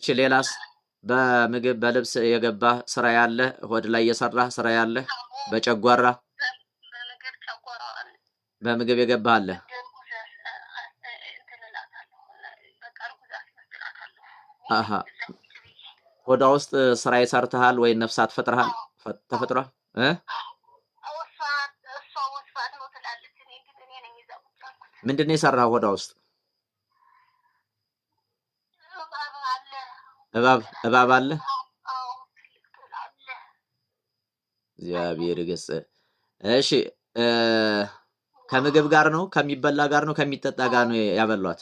እሺ ሌላስ? በምግብ በልብስ የገባ ስራ ያለ ሆድ ላይ የሰራ ስራ ያለ በጨጓራ በምግብ የገባ አለ። ሆዳ ውስጥ ስራ ይሰርተሃል ወይ ነፍሳት ፈጥረሃል ተፈጥሯል እ ምንድን ነው የሰራህ ሆዳ ውስጥ እባብ እባብ አለ። እግዚአብሔር ገጽ። እሺ ከምግብ ጋር ነው ከሚበላ ጋር ነው ከሚጠጣ ጋር ነው ያበሏት?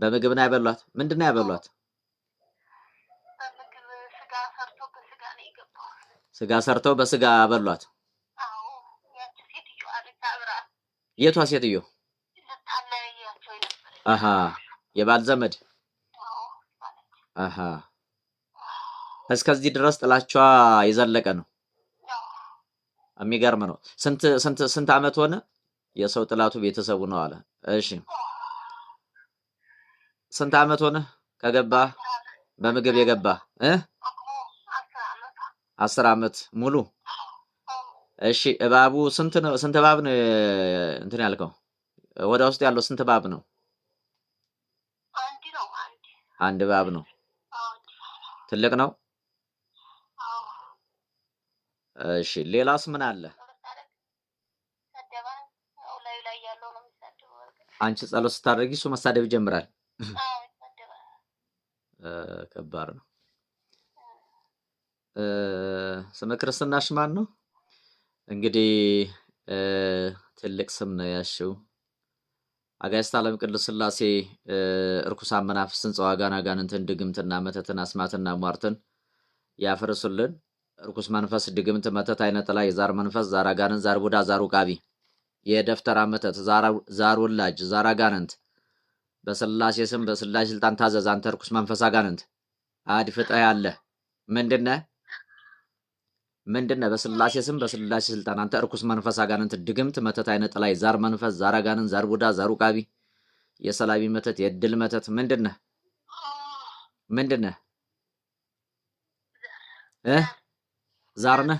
በምግብ ነው ያበሏት። ምንድን ነው ያበሏት? ስጋ ሰርተው በስጋ አበሏት። የቷ ሴትዮ? አሃ የባል ዘመድ እስከዚህ ድረስ ጥላቸዋ የዘለቀ ነው። የሚገርም ነው። ስንት ስንት ስንት አመት ሆነ? የሰው ጥላቱ ቤተሰቡ ነው አለ። እሺ ስንት አመት ሆነ ከገባ በምግብ የገባ እ አስር አመት ሙሉ። እሺ እባቡ ስንት ነው? ስንት እባብ ነው እንትን ያልከው? ወደ ውስጥ ያለው ስንት እባብ ነው? አንድ እባብ ነው። ትልቅ ነው። እሺ ሌላስ ምን አለ? አንቺ ጸሎት ስታደርጊ እሱ መሳደብ ይጀምራል። ከባድ ነው። ስመ ክርስትናሽ ማን ነው? እንግዲህ ትልቅ ስም ነው ያሽው። አጋዕዝተ ዓለም ቅዱስ ሥላሴ እርኩሳን መናፍስትን ጸዋጋን፣ አጋንንትን፣ ድግምትና መተትን፣ አስማትና ሟርትን ያፈርሱልን። እርኩስ መንፈስ፣ ድግምት፣ መተት፣ አይነ ጥላ፣ የዛር መንፈስ፣ ዛር አጋንንት፣ ዛር ቡዳ፣ ዛር ውቃቢ፣ የደፍተራ መተት፣ ዛር ውላጅ፣ ዛር አጋንንት በስላሴ ስም በስላሴ ስልጣን ታዘዝ። አንተ እርኩስ መንፈስ አጋንንት አድፍጠህ ምንድነህ? ምንድን ነህ? በስላሴ ስም በስላሴ ስልጣን አንተ እርኩስ መንፈስ፣ አጋንንት፣ ድግምት፣ መተት፣ አይነ ጥላይ፣ ዛር መንፈስ፣ ዛር አጋንንት፣ ዛር ቡዳ፣ ዛር ውቃቢ፣ የሰላቢ መተት፣ የድል መተት ምንድን ነህ? ምንድን ነህ? ዛር ነህ?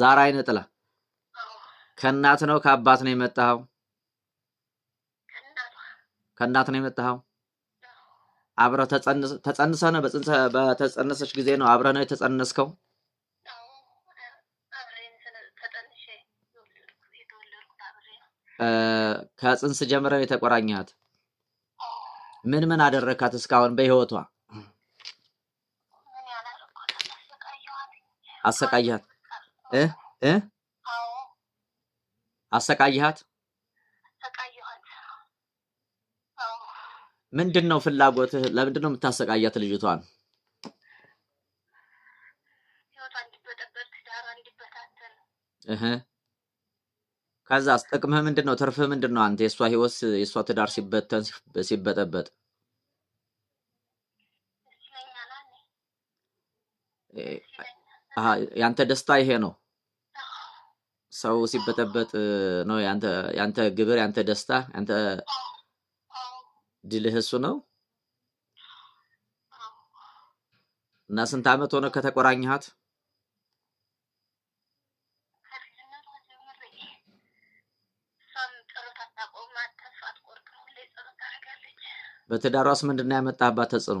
ዛር አይነ ጥላ ከእናት ነው ከአባት ነው የመጣኸው? ከእናት ነው የመጣኸው። አብረህ ተጸንሰህ ነው? በተጸነሰች ጊዜ ነው አብረህ ነው የተጸነስከው? ከጽንስ ጀምረን የተቆራኘሃት ምን ምን አደረካት? እስካሁን በህይወቷ አሰቃያት እ እ ምንድን ነው ፍላጎትህ? ለምንድን ነው የምታሰቃያት ልጅቷን? ህይወቷ እንዲበጠበጥ፣ ትዳሯ እንዲበታተን ከዛስ ጥቅምህ ምንድን ነው? ትርፍህ ምንድን ነው? አንተ የእሷ ህይወት የእሷ ትዳር ሲበተን ሲበጠበጥ ያንተ ደስታ ይሄ ነው። ሰው ሲበጠበጥ ነው ያንተ ግብር፣ ያንተ ደስታ፣ ያንተ ድልህ እሱ ነው። እና ስንት ዓመት ሆነ ከተቆራኘሃት? በትዳሯስ ምንድን ነው ያመጣባት ተጽዕኖ?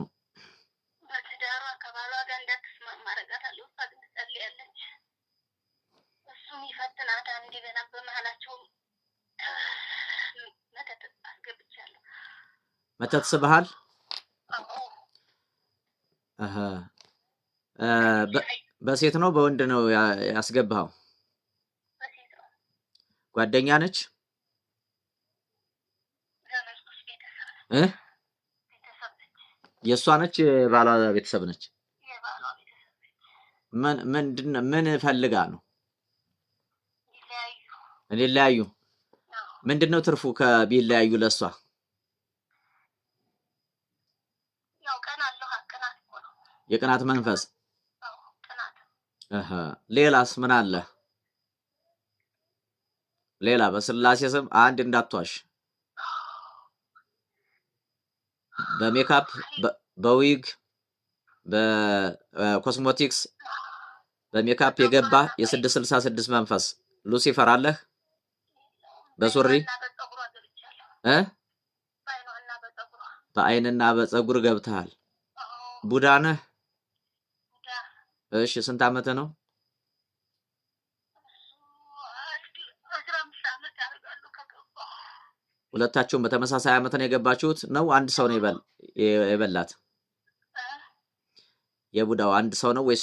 በትዳሯ ከባሏ ጋር እንዳትስማማ አደርጋታለሁ። እሷ ግን እሱም መተት ስብሃል በሴት ነው በወንድ ነው ያስገብኸው? ጓደኛ ነች? የእሷ ነች የባሏ ቤተሰብ ነች። ምን ምንድን ምን ፈልጋ ነው እንዲለያዩ? ምንድን ነው ትርፉ ከቢለያዩ ለእሷ? የቅናት መንፈስ። ሌላስ ምን አለ ሌላ? በስላሴ ስም አንድ እንዳትዋሽ በሜካፕ፣ በዊግ፣ በኮስሞቲክስ፣ በሜካፕ የገባ የስድስት ስልሳ ስድስት መንፈስ ሉሲፈር አለህ። በሱሪ በአይንና በፀጉር ገብተሃል። ቡዳ ነህ። እሺ ስንት ዓመት ነው? ሁለታችሁም በተመሳሳይ ዓመት ነው የገባችሁት? ነው አንድ ሰው ነው የበላት? የቡዳው አንድ ሰው ነው ወይስ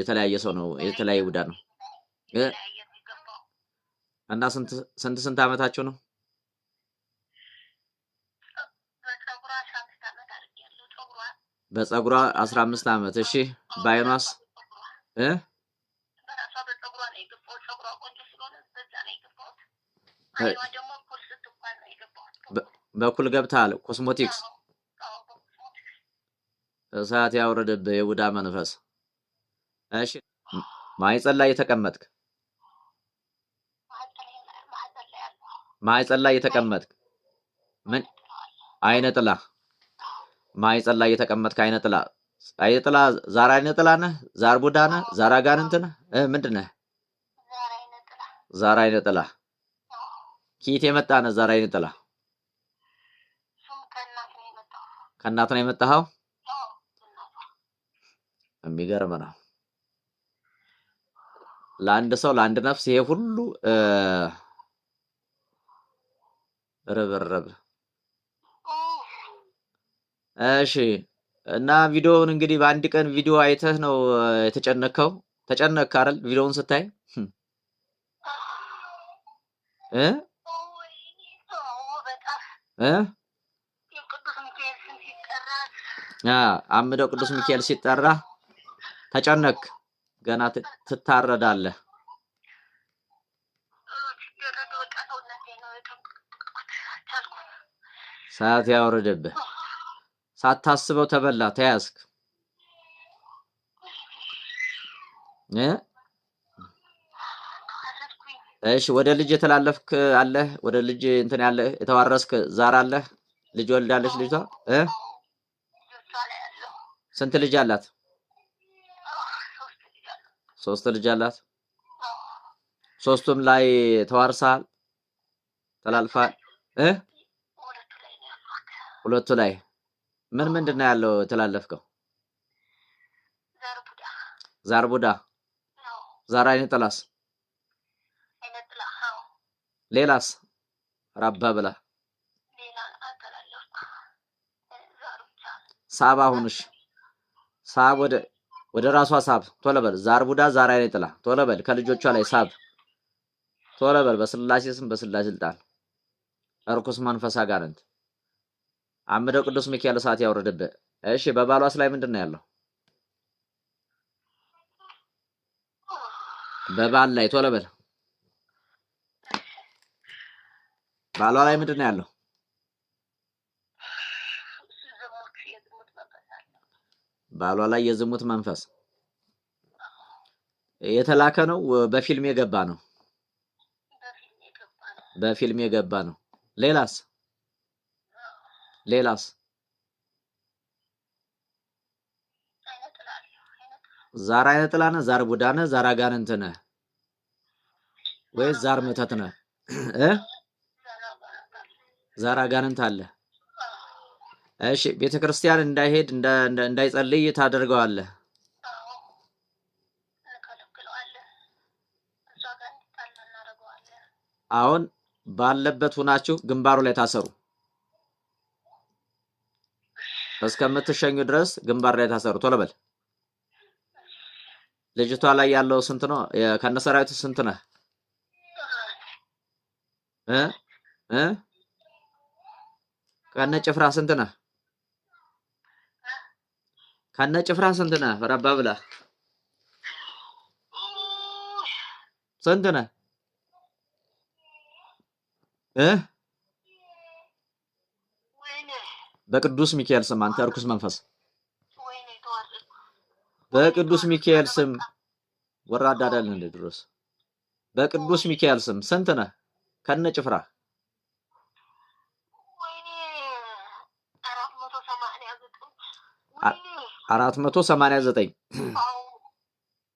የተለያየ ሰው ነው? የተለያየ ቡዳ ነው እና ስንት ስንት ዓመታችሁ ነው? በፀጉሯ አስራ አምስት ዓመት እሺ። ባይኗስ እ ነው በኩል ገብተሃል። ኮስሞቲክስ እሳት ያውርድብህ የቡዳ መንፈስ። እሺ ማይጸን ላይ የተቀመጥክ ማይጸን ላይ የተቀመጥክ ምን አይነ ጥላ ማይጸን ላይ የተቀመጥክ አይነ ጥላ አይነ ጥላ ዛር አይነ ጥላ ነህ? ዛር ቡዳ ነህ? ዛር አጋንንት ነህ? ምንድን ነህ? ዛር አይነ ጥላ ኪት የመጣ ነህ? ዛር አይነ ጥላ ከእናት ነው የመጣኸው? የሚገርም ነው። ለአንድ ሰው ለአንድ ነፍስ ይሄ ሁሉ ርብርብ። እሺ። እና ቪዲዮውን እንግዲህ በአንድ ቀን ቪዲዮ አይተህ ነው የተጨነከው? ተጨነከ አይደል? ቪዲዮውን ስታይ እ አምደው ቅዱስ ሚካኤል ሲጠራ ተጨነክ፣ ገና ትታረዳለህ። ሰዓት ያወርድብህ። ሳታስበው ተበላ፣ ተያዝክ። እሺ ወደ ልጅ የተላለፍክ አለህ? ወደ ልጅ እንትን ያለህ የተዋረስክ ዛር አለህ? ልጅ ወልዳለች ልጅቷ ስንት ልጅ አላት? ሶስት ልጅ አላት። ሶስቱም ላይ ተዋርሳል ተላልፋል እ ሁለቱ ላይ ምን ምንድን ነው ያለው የተላለፍከው? ዛር ቡዳ፣ ዛር አይነ ጥላስ፣ ሌላስ ራባ ብላ ሳባ ሁንሽ ሳብ ወደ ወደ ራሷ ሳብ ቶሎ በል ዛር ቡዳ ዛር አይኔ ጥላ ቶሎ በል ከልጆቿ ላይ ሳብ ቶሎ በል በስላሴ ስም በስላሴ ስልጣን እርኩስ መንፈስ አጋንንት አምደው ቅዱስ ሚካኤል ሰዓት ያወረደብህ። እሺ በባሏስ ላይ ምንድን ነው ያለው? በባል ላይ ቶሎ በል ባሏ ላይ ምንድን ነው ያለው? ባሏ ላይ የዝሙት መንፈስ የተላከ ነው። በፊልም የገባ ነው። በፊልም የገባ ነው። ሌላስ ሌላስ ዛር አይነ ጥላ ነህ፣ ዛር ቡዳ ነህ፣ ዛር አጋንንት ነህ ወይስ ዛር ምተት ነህ? ዛር አጋንንት አለህ? እሺ ቤተ ክርስቲያን እንዳይሄድ እንዳይጸልይ ታደርገዋለህ። አሁን ባለበት ሁናችሁ ግንባሩ ላይ ታሰሩ። እስከምትሸኙ ድረስ ግንባር ላይ ታሰሩ። ቶሎ በል። ልጅቷ ላይ ያለው ስንት ነው? ከነ ሰራዊቱ ስንት ነህ? ከነ ጭፍራ ስንት ነህ? ከነ ጭፍራ ስንት ነህ? ረባ ብላ ስንት ነህ እ በቅዱስ ሚካኤል ስም አንተ እርኩስ መንፈስ፣ በቅዱስ ሚካኤል ስም ወራዳ እንደ ድሮስ፣ በቅዱስ ሚካኤል ስም ስንት ነህ? ከነ ጭፍራ አራት መቶ ሰማንያ ዘጠኝ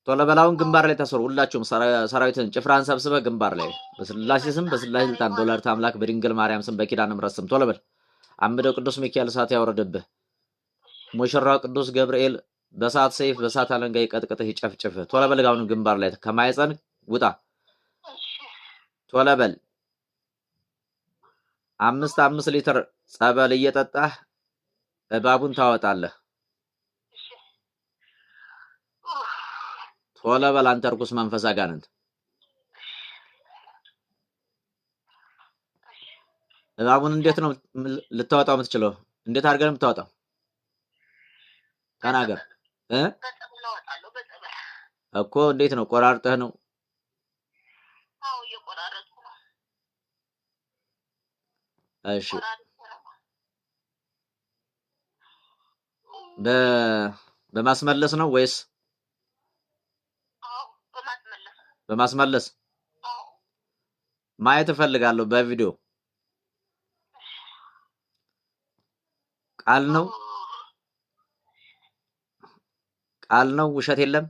ቶሎ በላውን ግንባር ላይ ተሰሩ ሁላችሁም ሰራዊትን ጭፍራን ሰብስበ ግንባር ላይ በስላሴ ስም በስላሴ ስልጣን ዶላር አምላክ በድንግል ማርያም ስም በኪዳነ ምሕረት ስም ቶሎ በል። አምደው ቅዱስ ሚካኤል እሳት ያወረደብህ ሙሽራው ቅዱስ ገብርኤል በሳት ሰይፍ በሳት አለንጋ ይቀጥቅጥህ ይጨፍጭፍህ። ቶሎ በል ግንባር ላይ ከማይፀን ውጣ ቶሎ በል። አምስት አምስት ሊትር ጸበል እየጠጣህ እባቡን ታወጣለህ። ቶሎ በል አንተ ርኩስ መንፈስ አጋንንት እባቡን እንዴት ነው ልታወጣው የምትችለው? እንዴት አድርገህ ነው የምታወጣው? ተናገር እኮ። እንዴት ነው ቆራርጠህ ነው? እሺ በማስመለስ ነው ወይስ በማስመለስ ማየት እፈልጋለሁ። በቪዲዮ ቃል ነው ቃል ነው፣ ውሸት የለም።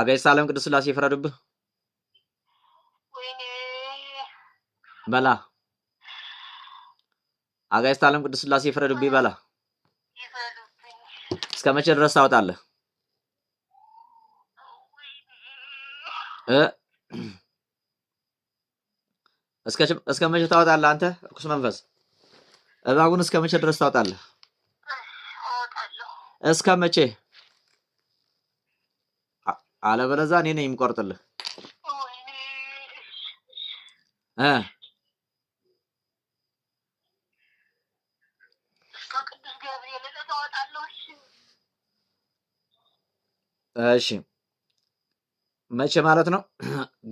አጋዕዝተ ዓለም ቅዱስ ሥላሴ ይፍረድብህ። በላ አጋዕዝተ ዓለም ቅዱስ ሥላሴ ይፍረድብህ። በላ እስከ መቼ ድረስ ታወጣለህ? እስከ መቼ ታወጣለህ አንተ ርኩስ መንፈስ? እባቡን እስከ መቼ ድረስ ታወጣለህ? እስከ መቼ? አለበለዚያ እኔ ነኝ የምቆርጥልህ። እሺ መቼ ማለት ነው?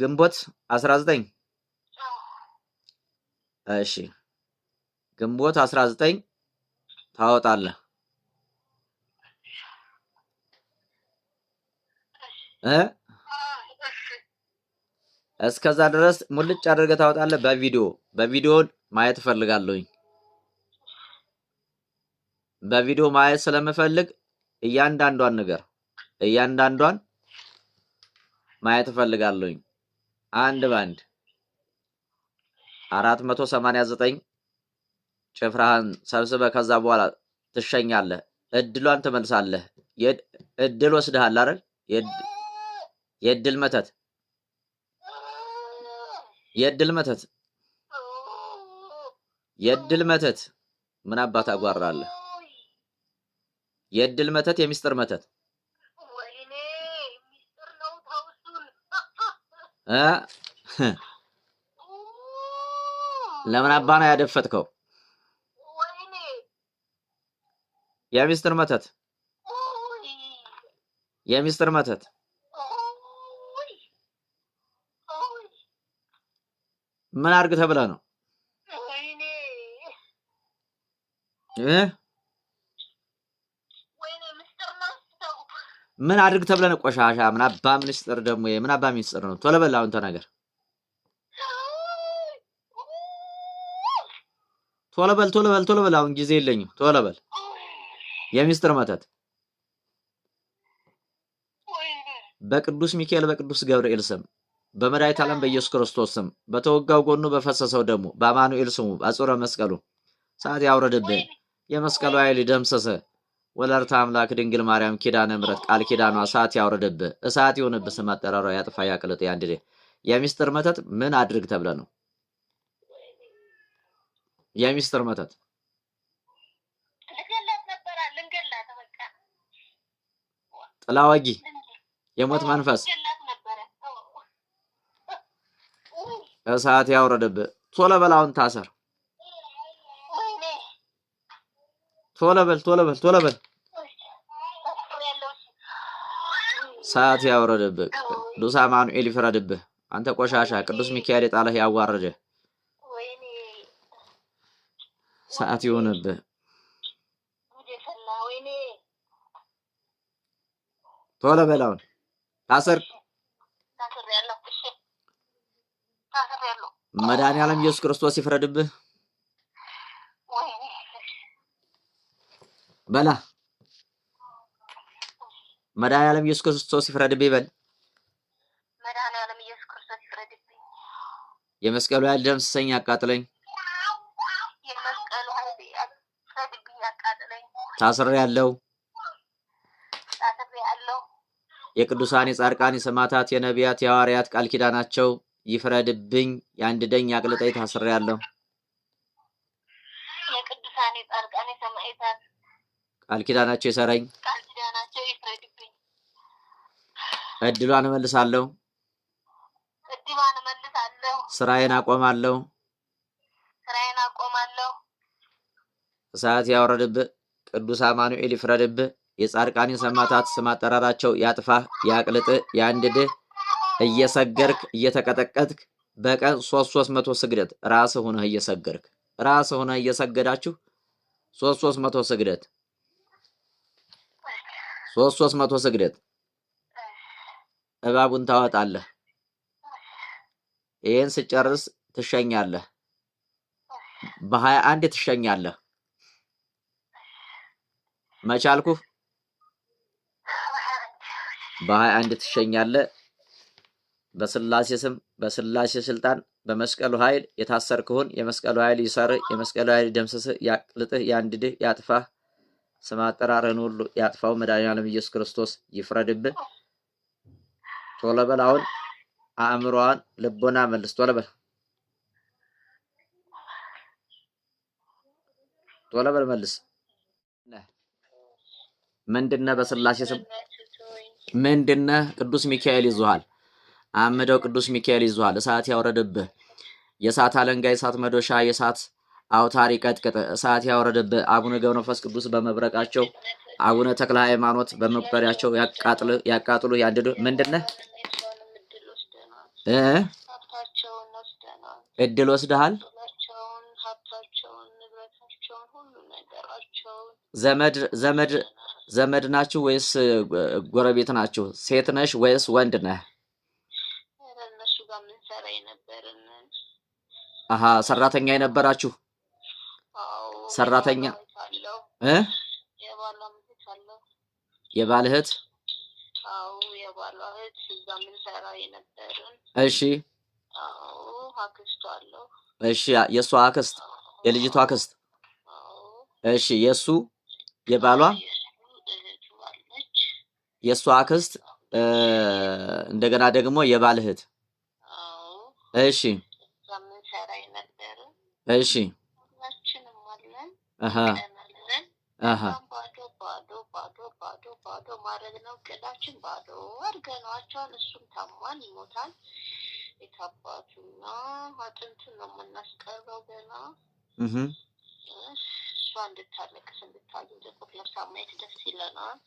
ግንቦት አስራ ዘጠኝ እሺ ግንቦት አስራ ዘጠኝ ታወጣለህ። እስከዛ ድረስ ሙልጭ አድርገህ ታወጣለህ። በቪዲዮ በቪዲዮን ማየት እፈልጋለሁኝ። በቪዲዮ ማየት ስለምፈልግ እያንዳንዷን ነገር እያንዳንዷን ማየት እፈልጋለሁኝ። አንድ ባንድ አራት መቶ ሰማንያ ዘጠኝ ጭፍራህን ከዛ በኋላ ትሸኛለህ። እድሏን ትመልሳለህ። እድል ወስደሃል አይደል? የእድል መተት የእድል መተት የእድል መተት ምን አባት አጓራለህ? የእድል መተት፣ የሚስጥር መተት ለምን አባ ነው ያደፈጥከው? የሚስጥር መተት የሚስጥር መተት ምን አድርግ ተብለህ ነው? ምን አድርግ ተብለን ቆሻሻ ምን አባ ሚኒስጥር ደግሞ ምን አባ ሚኒስጥር ነው? ቶሎ በል አሁን ተነገር፣ ቶሎ በል ቶሎ በል ቶሎ በል አሁን ጊዜ የለኝም። ቶሎ በል የሚስጥር መተት በቅዱስ ሚካኤል በቅዱስ ገብርኤል ስም በመድኃኒተ ዓለም በኢየሱስ ክርስቶስ ስም በተወጋው ጎኑ በፈሰሰው ደሙ በአማኑኤል ስሙ በአጹረ መስቀሉ ሰዓት ያውረድብህ። የመስቀሉ ኃይል ደምሰሰ ወለርታ አምላክ ድንግል ማርያም ኪዳነ ምሕረት ቃል ኪዳኗ እሳት ያውረድብህ፣ እሳት ይሁንብህ። ስም አጠራሯ ያጥፋ ያቅልጥ ያንድዴ የሚስጥር መተት ምን አድርግ ተብለ ነው? የሚስጥር መተት ጥላዋጊ የሞት መንፈስ እሳት ያውረድብህ። ቶሎ በላውን ታሰር ቶሎ በል ቶሎ በል ቶሎ በል ሰዓት ያወረደብህ ቅዱስ አማኑኤል ይፍረድብህ። አንተ ቆሻሻ ቅዱስ ሚካኤል የጣለህ ያዋረደ ሰዓት ይሆነብህ። ቶሎ በል አሁን ታሰርክ። መድኃኔዓለም ኢየሱስ ክርስቶስ ይፍረድብህ። በላ መድኃኒዓለም ኢየሱስ ክርስቶስ ይፍረድብኝ በል። መድኃኒዓለም ኢየሱስ ክርስቶስ ይፍረድብኝ። የመስቀሉ ደም ደምስሰኝ፣ አቃጥለኝ። የመስቀሉ ኃይል ይፍረድብኝ፣ አቃጥለኝ። ታስሬያለሁ፣ ያለው የቅዱሳን የጻድቃን የሰማዕታት የነቢያት የሐዋርያት ቃል ኪዳናቸው ይፍረድብኝ፣ ያንድደኝ፣ ያቅልጠኝ። ያለው ቃል ኪዳናቸው ይሰረኝ፣ እድሏን እመልሳለሁ፣ ስራዬን አቆማለሁ። እሳት ያወረድብህ ቅዱስ አማኑኤል ይፍረድብህ። የጻድቃኔን ሰማዕታት ስም አጠራራቸው ያጥፋህ፣ ያቅልጥህ፣ ያንድድህ። እየሰገርክ እየተቀጠቀጥክ በቀን ሶስት ሶስት መቶ ስግደት ራስ ሆነህ እየሰገርክ ራስ ሆነህ እየሰገዳችሁ ሶስት ሶስት መቶ ስግደት ሶስት ሶስት መቶ ስግደት እባቡን ታወጣለህ። ይህን ስጨርስ ትሸኛለህ። በሀያ አንድ ትሸኛለህ። መቻልኩ በሀያ አንድ ትሸኛለህ። በስላሴ ስም በስላሴ ስልጣን በመስቀሉ ኃይል የታሰርክሁን የመስቀሉ ኃይል ይሰርህ፣ የመስቀሉ ኃይል ይደምስስህ፣ ያቅልጥህ፣ ያንድድህ፣ ያጥፋህ ስም አጠራርህን ሁሉ ያጥፋው መድኃኒዓለም ኢየሱስ ክርስቶስ ይፍረድብህ። ቶሎ በል አሁን አእምሮዋን ልቦና መልስ። ቶሎ በል ቶሎ በል መልስ። ምንድነ በስላሴ ስም ምንድነ? ቅዱስ ሚካኤል ይዞሃል። አምደው ቅዱስ ሚካኤል ይዞሃል። እሳት ያውረድብህ። የእሳት አለንጋ፣ የእሳት መዶሻ፣ የእሳት አውታሪ ቀጥቀጥ እሳት ያወረድብህ። አቡነ ገብረ መንፈስ ቅዱስ በመብረቃቸው አቡነ ተክለ ሃይማኖት በመቁጠሪያቸው ያቃጥሉ ያንድዱ። ምንድነህ እድል ወስደሃል። ዘመድ ዘመድ ዘመድ ናችሁ ወይስ ጎረቤት ናችሁ? ሴት ነሽ ወይስ ወንድ ነህ? አሀ ሰራተኛ የነበራችሁ ሰራተኛ እ የባል እህት እሺ፣ እሺ፣ የእሱ አክስት የልጅቱ አክስት እሺ፣ የእሱ የባሏ የእሱ አክስት እንደገና ደግሞ የባል እህት እሺ፣ እሺ ባዶ ባዶ ባዶ ባዶ ባዶ ማድረግ ነው ቅዳችን። ባዶ አድርገናቸዋል። እሱም ታሟል፣ ይሞታል። የታባቱና አጥንቱን ነው የምናስቀረው ገና እሷ እንድታለቅስ እንድታዩ ጥቁር ለብሳ ማየት ደስ ይለናል።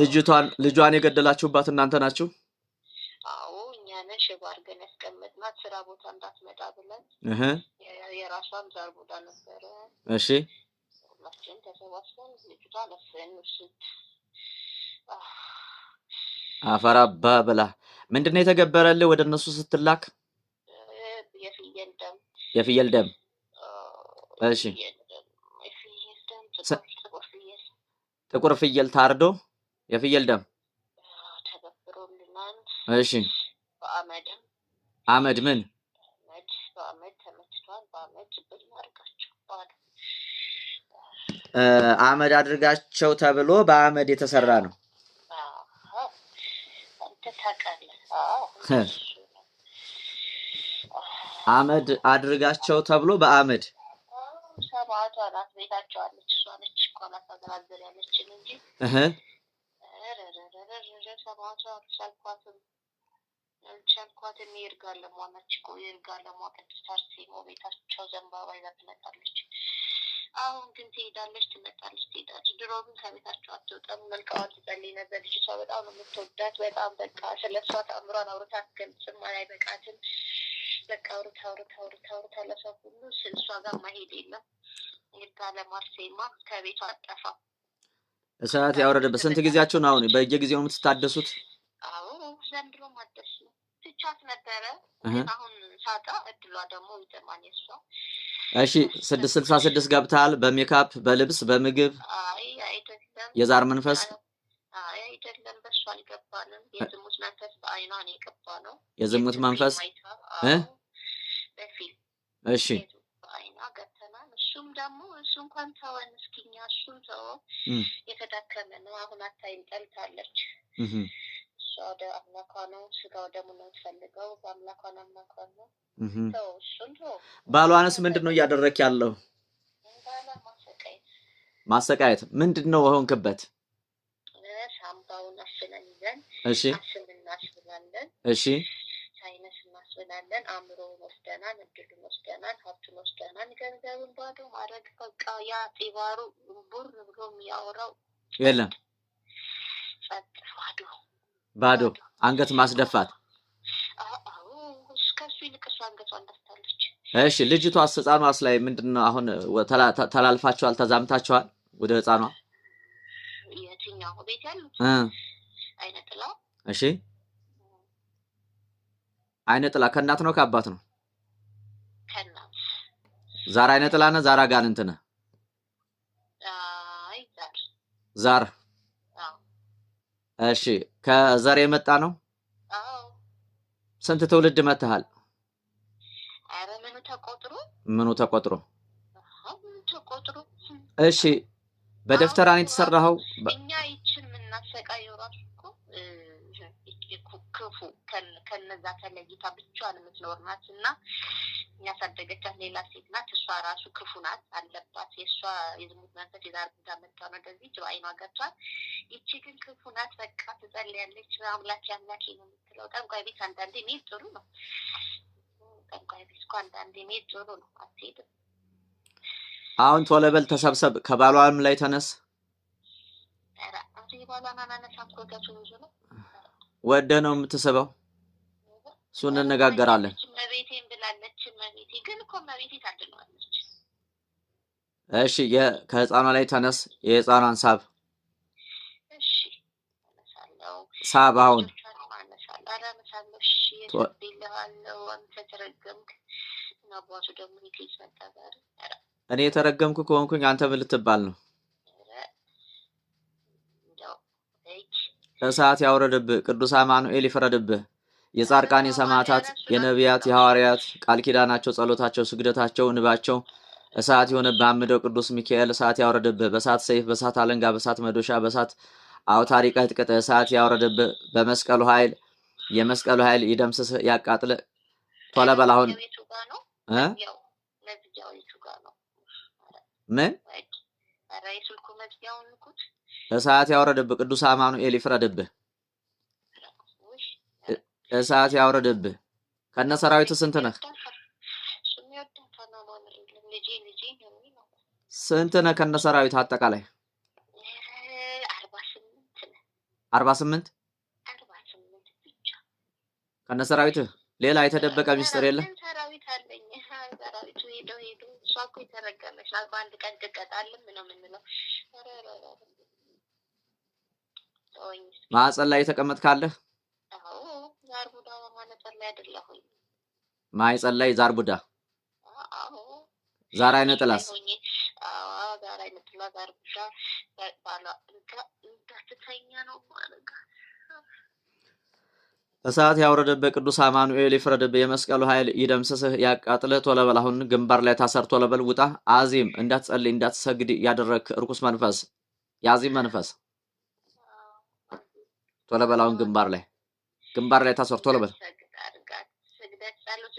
ልጅቷን ልጇን የገደላችሁባት እናንተ ናችሁ? ነን ሽቦ አድርገን ያስቀመጥናት ስራ ቦታ እንዳትመጣ ብለን የራሷን ዛር ቦዳ ነበረ። እሺ ሁላችን ተሰባስበን ልጅቷ ነፍሰን ውስድ አፈር ብላ ምንድን ነው የተገበረልህ? ወደ እነሱ ስትላክ የፍየል ደም የፍየል ደም። እሺ ጥቁር ፍየል ታርዶ የፍየል ደም ተገብሮልናል። እሺ አመድ ምን አመድ በአመድ ተመትቷል። በአመድ አድርጋቸው አመድ አድርጋቸው ተብሎ በአመድ የተሰራ ነው። አመድ አድርጋቸው ተብሎ በአመድ ሰማዕቷ ናት። ቤታቸው አለች። እሷ ነች እኮ ያለችን እንጂ አልኳት። እኔ እርጋ ለሟነች እኮ የእርጋ ለሟ ቅድስት አርሴማ ቤታቸው ዘንባባ ይዛ ትመጣለች። አሁን ግን ትሄዳለች፣ ትመጣለች፣ ትሄዳለች። ድሮ ግን ከቤታቸው አትወጣም። መልካዋን ትጸልይ ነበር። ልጅቷ በጣም ነው የምትወዳት። በጣም በቃ ስለ እሷ ተአምሯን አውርታ አትገልጽም። አይበቃትም። በቃ አውርታ አውርታ አውርታ አውርታ ለሷ ሁሉ እሷ ጋር ማሄድ የለም። ይርጋ ለሟ አርሴማ ከቤቷ አጠፋ እሳት ያወረደበት በስንት ጊዜያቸው ነው? አሁን በየጊዜው የምትታደሱት? አዎ ዘንድሮ ማደሱ ትቻት ነበረ። አሁን ሳጣ እድሏ ደግሞ ይጠማኝ እሷ እሺ ስድስት ስልሳ ስድስት ገብታል። በሜካፕ በልብስ በምግብ የዛር መንፈስ የዝሙት መንፈስ እሺ፣ እሱም ደግሞ እሱ እንኳን ተወን፣ እስኪኛ እሱም ተወ፣ የተዳከመ ነው። አሁን አታይም፣ ጠልታለች እሷ ወደ አምላኳ ነው፣ ስጋ ደሙ ነው የምትፈልገው። ነው አምላኳን ነው እሱን ባሏንስ ምንድን ነው እያደረክ ያለው? ማሰቃየት ምንድን ነው ሆንክበት? ሳምባውን አስለን ይዘን እሺ፣ አስም እናስብላለን። እሺ፣ ሳይነስ እናስብላለን። አእምሮውን ወስደናል፣ እድሉን ወስደናል፣ ሀብቱን ወስደናል፣ ገንዘቡን ባዶ ማድረግ በቃ ያ ጢባሩ ቡር ብሎ የሚያወራው የለም ጸጥ ባዶ ባዶ አንገት ማስደፋት። እሺ ልጅቷ ህጻኗስ ላይ ምንድን ነው አሁን? ተላልፋችኋል? ተዛምታችኋል? ወደ ህፃኗ እሺ። አይነ ጥላ ከእናት ነው ከአባት ነው? ዛር አይነ ጥላ ነ ዛር አጋንንት ዛር እሺ ከዘር የመጣ ነው? ስንት ትውልድ መትሃል? ምኑ ተቆጥሮ እሺ በደፍተራን የተሰራኸው እኛ ይችን የምናሰቃየው ራሱ ክፉ ከነዛ ተለይታ ብቻዋን የምትኖር ናት እና ያሳደገቻት ሌላ ሴት ናት። እሷ ራሱ ክፉ ናት አለባት። የእሷ የዝሙት መንፈስ የዛር ጋ መጣ ነው። እንደዚህ ጅ አይኗ ገብቷል። ይቺ ግን ክፉ ናት። በቃ ትጸልያለች። አምላኬ አምላኬ ነው የምትለው። ጠንቋይ ቤት አንዳንዴ ሜድ ጥሩ ነው። ጠንቋይ ቤት እኮ አንዳንዴ ሜድ ጥሩ ነው። አትሄድም። አሁን ቶሎ በል ተሰብሰብ። ከባሏም ላይ ተነስ። የባሏን አናነሳም። ኮገቱ ብዙ ነው ወደ ነው የምትስበው። እሱ እንነጋገራለን። እሺ ከህፃኗ ላይ ተነስ። የህፃኗን ሳብ ሳብ አሁን እኔ የተረገምኩ ከሆንኩኝ አንተ ምን ልትባል ነው? እሳት ያውረድብህ። ቅዱስ አማኑኤል ይፍረድብህ። የጻድቃን የሰማዕታት የነቢያት የሐዋርያት ቃል ኪዳናቸው ጸሎታቸው ስግደታቸው እንባቸው እሳት የሆነብህ አምደው ቅዱስ ሚካኤል እሳት ያውረድብህ። በእሳት ሰይፍ በእሳት አለንጋ በእሳት መዶሻ በእሳት አውታሪ ቀጥቅጥ እሳት ያውረድብህ። በመስቀሉ ኃይል የመስቀሉ ኃይል ይደምስስህ ያቃጥልህ። ቶሎ በል አሁን ምን እሳት ያውረድብህ። ቅዱስ አማኑኤል ይፍረድብህ። እሳት ያውረድብህ። ከነ ሰራዊት ስንት ነህ? ስንት ነህ? ከነ ሰራዊት አጠቃላይ አርባ ስምንት ከነ ሰራዊትህ። ሌላ የተደበቀ ሚስጥር የለም። ሰራዊት ማዕፀን ላይ የተቀመጥ ካለህ ላይ ዛር ቡዳ ዛር አይነ ጥላስ እሳት ያውረደብህ ቅዱስ አማኑኤል ይፍረድብህ፣ የመስቀሉ ኃይል ይደምስስህ፣ ያቃጥልህ። ቶለበል አሁን ግንባር ላይ ታሰር፣ ቶለበል ውጣ። አዚም እንዳትጸልይ እንዳትሰግድ ያደረግህ ርኩስ መንፈስ የአዚም መንፈስ ቶሎ በል አሁን ግንባር ላይ ግንባር ላይ ታሰር ቶሎ በል ጸሎት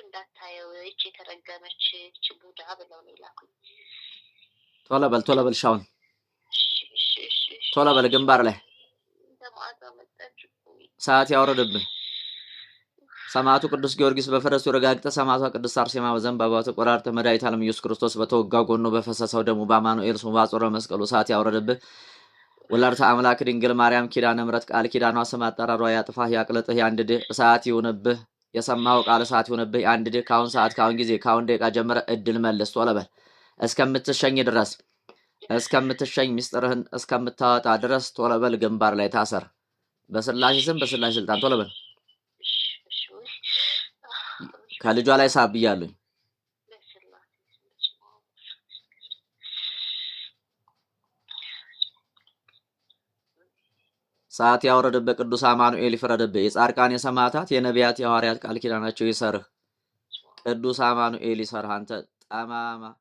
እንዳታየው ቤቱ እንዳታየው እች የተረገመች እች ቡዳ ብለው ነው ቶሎ በል ቶሎ በል ሻውን ቶሎ በል ግንባር ላይ ሰዓት ያወረድብን ሰማዕቱ ቅዱስ ጊዮርጊስ በፈረሱ ረጋግጠ ሰማዕቷ ቅዱስ አርሴማ በዘንባባ ተቆራርተ መድኃኒተ ዓለም ኢየሱስ ክርስቶስ በተወጋ ጎኖ በፈሰሰው ደሙ በአማኑኤል ስሙ ባጾረ መስቀሉ ሰዓት ያውረድብህ። ወላዲተ አምላክ ድንግል ማርያም ኪዳነ ምሕረት ቃል ኪዳኗ ስም አጠራሯ ያጥፋህ ያቅልጥህ ያንድድህ እሳት ይሁንብህ። የሰማው ቃል እሳት ይሁንብህ ያንድድህ። ከአሁን ሰዓት ከአሁን ጊዜ ከአሁን ደቂቃ ጀምረ እድል መልስ ቶለበል እስከምትሸኝ ድረስ እስከምትሸኝ ሚስጥርህን እስከምታወጣ ድረስ ቶለበል ግንባር ላይ ታሰር። በስላሴ ስም በስላሴ ስልጣን ቶለበል በል ከልጇ ላይ ሳብ ብያለኝ። ሰዓት ያወረደበት ቅዱስ አማኑኤል ይፍረድብህ። የጻድቃን የሰማዕታት የነቢያት የሐዋርያት ቃል ኪዳናቸው ይሰርህ። ቅዱስ አማኑኤል ይሰርህ። አንተ ጠማማ